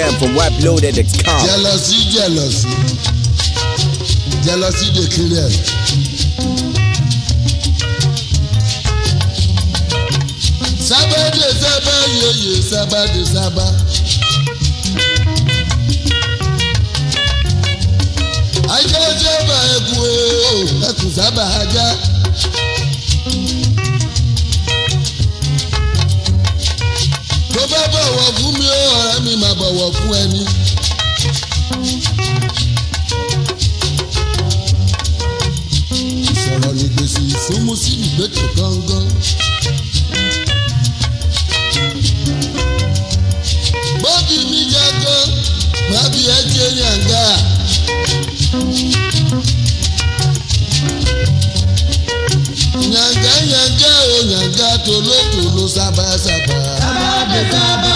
jam from calm. Jealousy, jealousy. Jealousy, The kill them. Saba de saba, yo yo, saba de saba. Ajá jẹ́ bá ẹkùn ẹ̀kùn sábà ajá. bọ̀wọ̀ fún mi ó ọ̀rẹ́ mi máa bọ̀wọ̀ fún ẹni. ìsọ̀rọ̀ ní gbèsè ìfúnmu sí ìgbẹ́tò gángan. bọ́ọ̀dì mi jẹ́ gan máa fi ẹ́ jẹ́ ní àga. o yàngá tolótoló sábàsábà. sábà. Bye.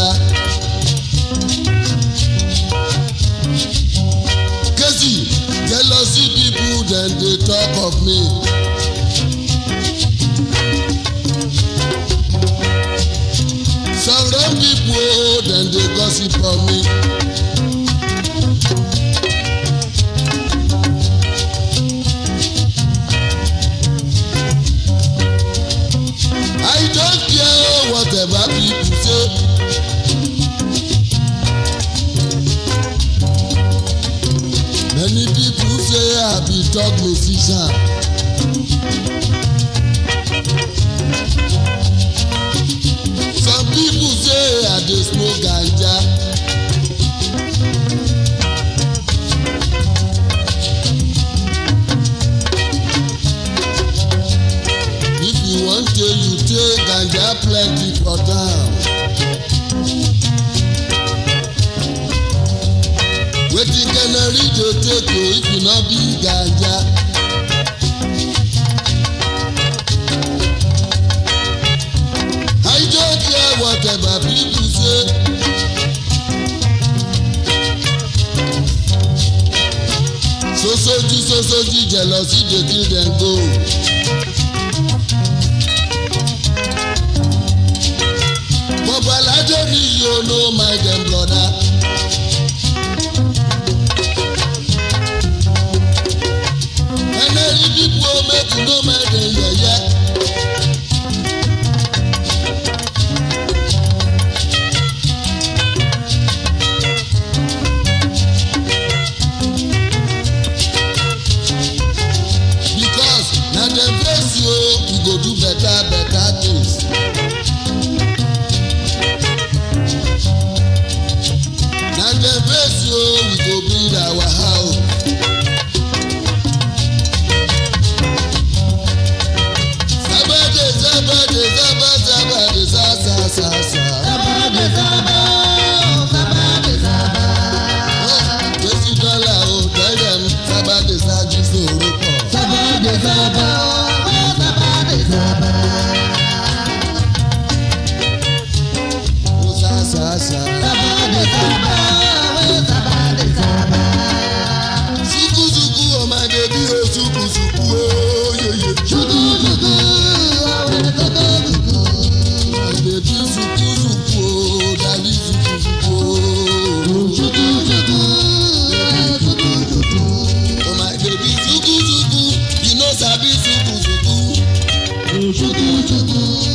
ọ̀dà. Kèsì jealousy people dem dey talk of me. Some wrong people dem dey gossip of me. Many people say I be dog musician. potato if you no be gaja. I don't care whatever people say. Sosoji sosoji jealousy dey kill dem go. Bọ́bá Ládé ni yóò know my dem lè ṣáájú sórúkọ. sábà gbé sábà. tudo, tudo,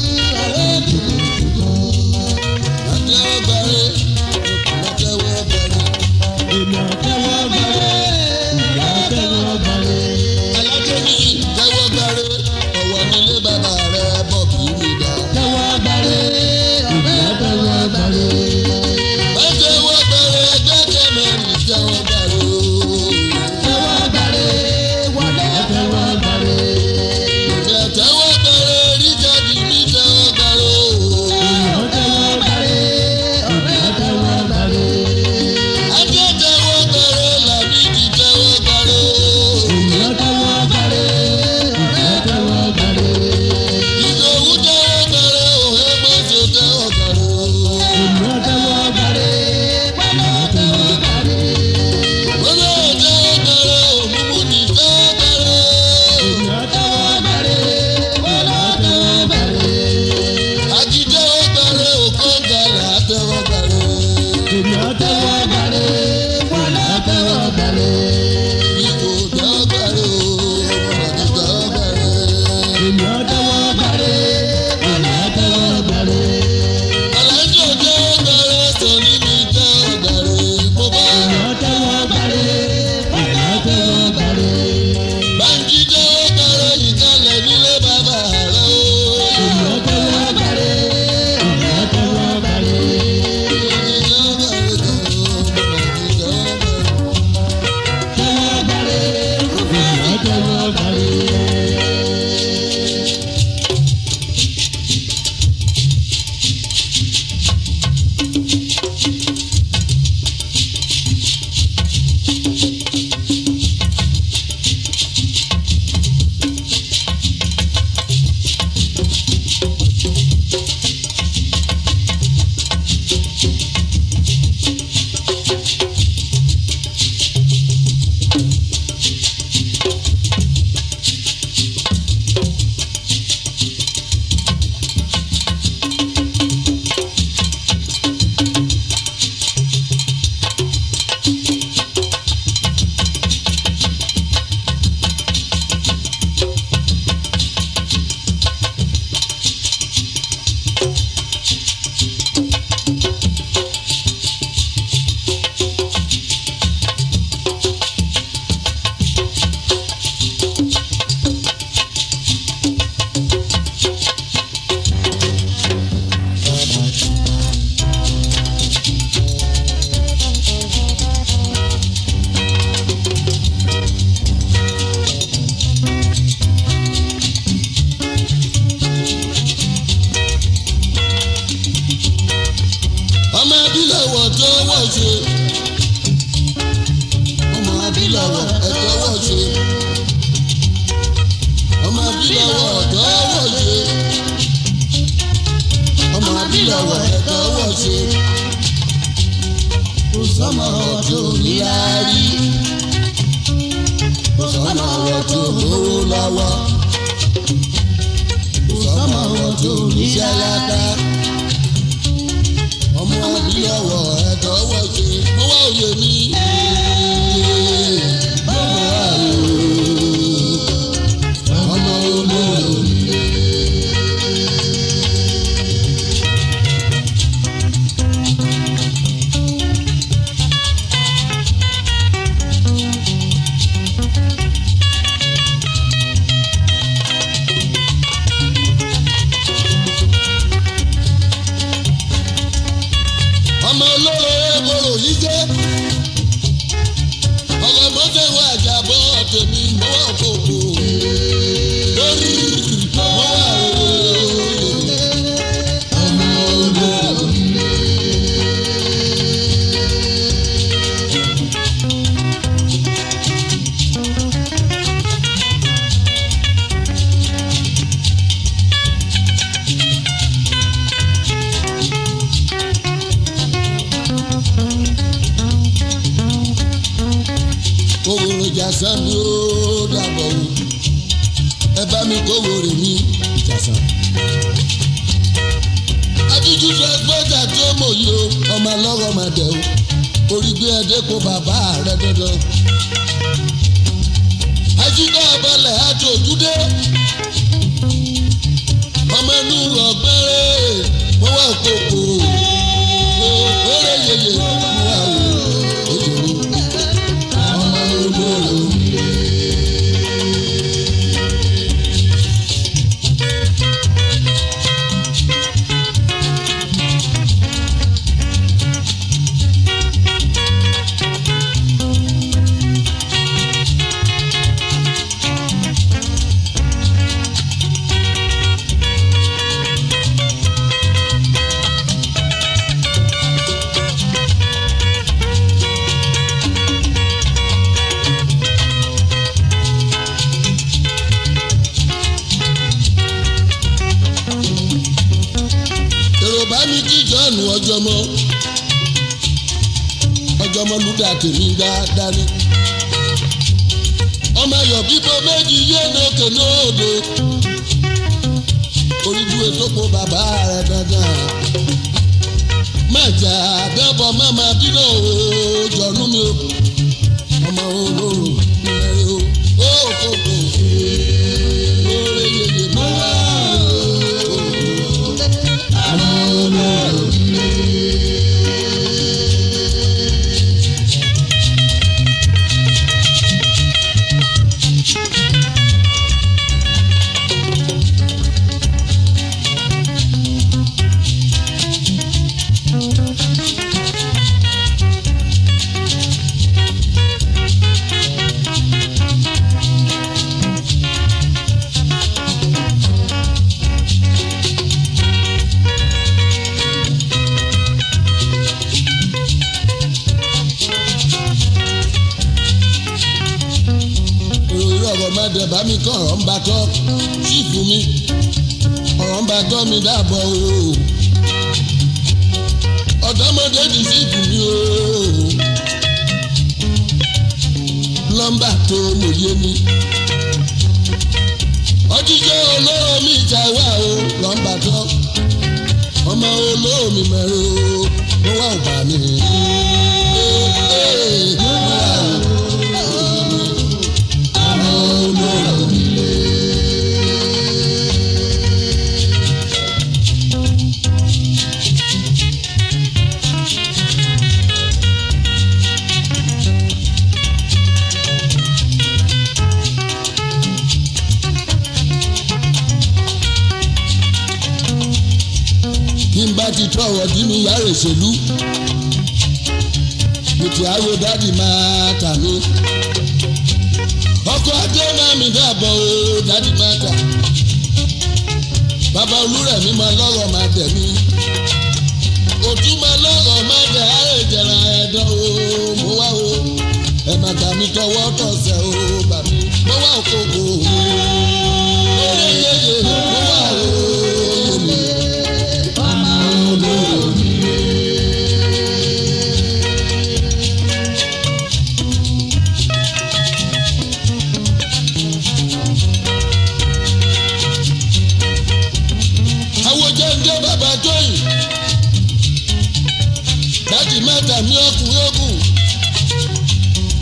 দাঁড়িয়ে Usama ọ̀tún olówó lọ́wọ́. Usama ọ̀tún oníṣẹ́ ládá. Ọmọ àbílẹ̀ ọ̀wọ̀ ẹ̀dọ́wọ́ ṣe. Ó wá òye mi. tèmi ìjàsá mi ó dàbọ̀ o ẹ bá mi kówó rè mí ìjàsá. adújú sọgbọ́jà tí ó mọ̀ yìí o ọmọ alọ́rọ̀ mà dẹ̀ o orí gbé ẹdẹ kó bàbá rẹ dandan. ajídọ́ abalẹ̀ àti òjúdé ọmọ inú ọgbẹ́rẹ́ wọ́n wà kókó ó rẹ̀ yẹyẹ. àánú ọjọ́mọ ọjọ́mọ lúdà tèmi dáadáa ni ọmọ ayọ̀ bíbọ méjì yéèna kèlè òde oríjú ètòkò bàbá rẹ̀ dandan mẹ́jà àbẹ́bọ̀ mẹ́ma bínú òjò ọ̀nù mi ọmọ olóró. gbọ́dọ̀ bá mi kọ́ ọ̀rọ̀ ń bá tọ́ ṣífù mi ọ̀rọ̀ ń bá tọ́ mi dàbọ̀ o ọ̀dọ́mọdé di ṣífù mi o lọ́mbà tó lóye mi ọjíjọ́ olóró mi ta wá o lọ́mbà tọ́ ọmọ olóró mi mẹ́rin o ó wà ó bà mí. ọ̀rọ̀ bí mi yára ìṣèlú ètò ayé dádì máa tà mí. ọkọ adé máa mi dàbọ̀ o dádì máa tà. bàbá mi máa lọ́rọ̀ máa tẹ̀ mí. òtún máa lọ́rọ̀ máa tẹ̀ àrèjẹ̀rà ẹ̀dán o mo wá o ẹ̀ máa gbà mí tọwọ́ tọ̀sẹ̀ o bà mí mo wá òkòkò.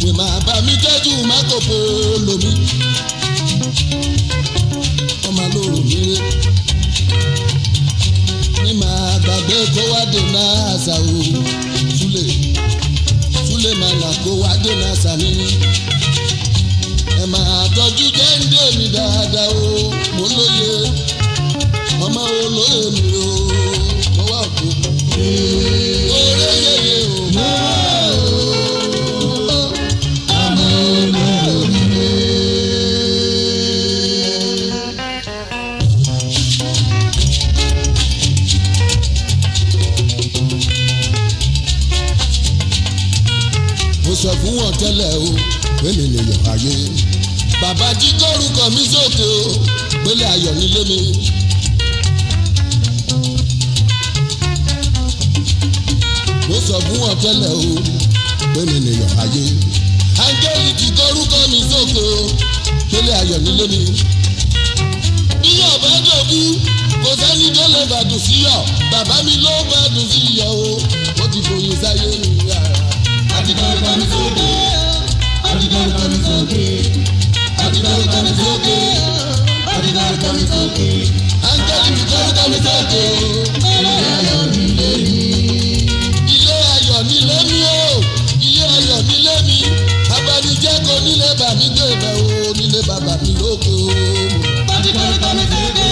ni màá bá mi jẹ́jú mọ́tò polo mi. ọmọ lóru mi rè ni màá gbàgbé kó wá dènà àṣà o súlè súlè màá là kó wá dènà àṣà mi. ẹ máa tọ́jú jẹ́ǹdé mi dáadáa o mo lóye ọmọ olóye mi o mo wà kó. nílé mi. mo sọ fún wọn tẹ́lẹ̀ o pé mi nìyọ̀ ayé. áńgẹ́lì ti kọ́rúkọ mi sóko délé ayọ̀ nílé mi. bíyọ̀ bá dòkú kò sẹ́ni tó lè bàdùn síyọ̀ bàbá mi ló bàdùn síyọ̀ o ó ti fòyìn sáyé mi yàrá. àti kọ́rúkọ mi sókè àti kọ́rúkọ mi sókè àti kọ́rúkọ mi sókè. Happy birthday mi sókè. Áńgẹ́lì mi kọ́rúkọ mi sókè. Ilé ayọ̀ nílé mi. Ilé ayọ̀ nílé mi o. Ilé ayọ̀ nílé mi. Abanijẹ́ kò nílé bàmí gbé bẹ̀ o. Nílé bàbá mi lóko. Happy birthday mi sókè.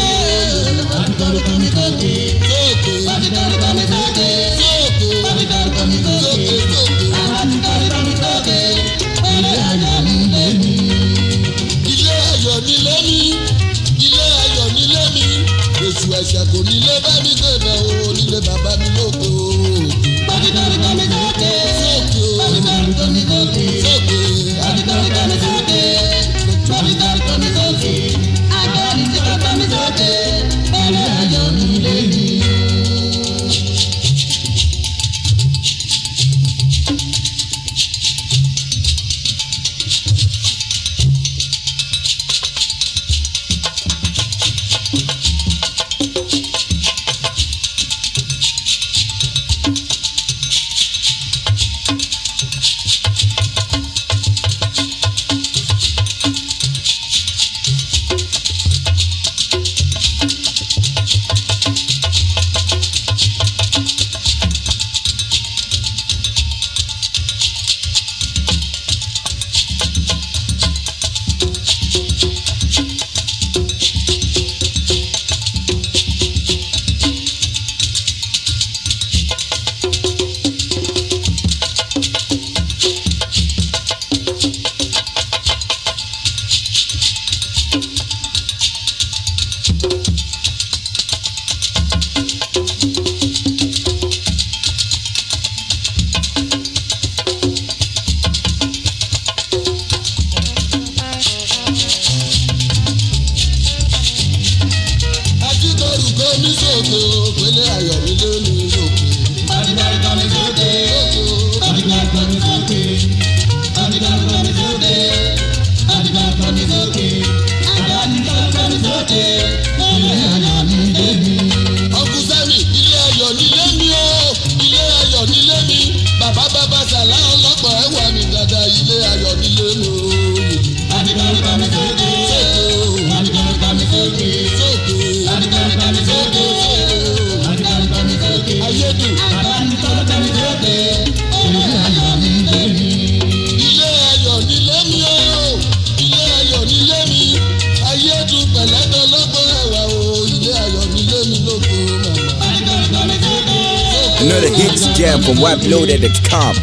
another hits jam from WebLoaded.com.